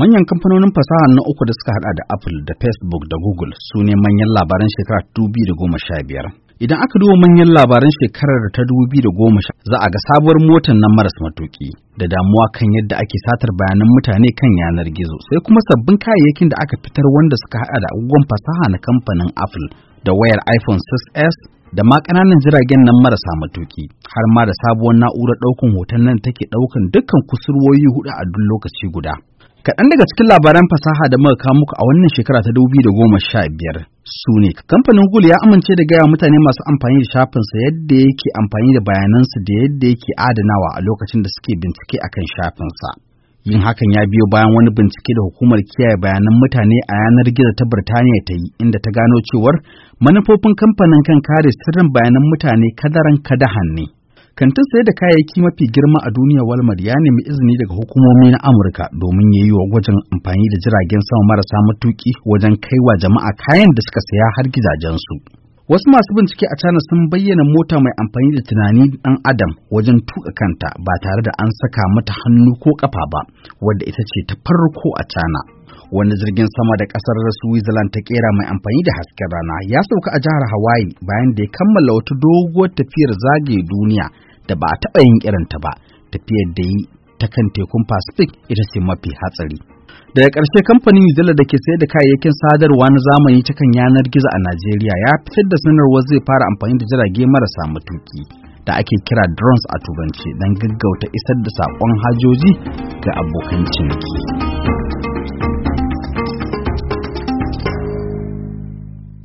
Manyan kamfanonin fasaha na uku da suka hada da Apple da Facebook da Google su ne manyan labaran shekara 2015. Idan aka duba manyan labaran shekarar ta 2010 za a ga sabuwar motar na maras matuki da damuwa kan yadda ake satar bayanan mutane kan yanar gizo sai kuma sabbin kayayyakin da aka fitar wanda suka hada da agogon fasaha na kamfanin Apple da wayar iPhone 6s da ma ƙananan jiragen nan marasa matuki har ma da sabuwar na'urar ɗaukan hoton nan take ɗaukan dukkan kusurwoyi hudu a duk lokaci guda Kaɗan daga cikin labaran fasaha da muka kawo muku a wannan shekara ta da goma sha biyar su ne kamfanin Google ya amince da gaya mutane masu amfani da shafinsa yadda yake amfani da bayanansu da yadda yake adanawa a lokacin da suke bincike akan shafinsa. Yin hakan ya biyo bayan wani bincike da hukumar kiyaye bayanan mutane a yanar gizo ta Birtaniya ta yi inda ta gano cewar manufofin kamfanin kan kare sirrin bayanan mutane kadaran kadahan ne. Kantin sayar da kayayyaki mafi girma a duniya walmar ya nemi izini daga hukumomi na Amurka domin ya yi wa gwajin amfani da jiragen sama marasa matuki wajen kaiwa jama'a kayan da suka saya har gidajensu. Wasu masu bincike a China sun bayyana mota mai amfani da tunani ɗan Adam wajen tuka kanta ba tare da an saka mata hannu ko ƙafa ba, wadda ita ce ta farko a Cana. wani jirgin sama da kasar Switzerland ta kera mai amfani da hasken rana ya sauka a jihar Hawaii bayan da ya kammala wata doguwar tafiyar zage duniya da ba a taɓa yin irinta ba tafiyar da yi ta kan tekun Pacific ita ce mafi hatsari. Daga ƙarshe kamfanin Nizela da ke sayar da kayayyakin sadarwa na zamani ta kan yanar gizo a Najeriya ya fitar da sanarwar zai fara amfani da jirage marasa matuƙi da ake kira drones a turanci don gaggauta isar da saƙon hajoji ga abokan ciniki.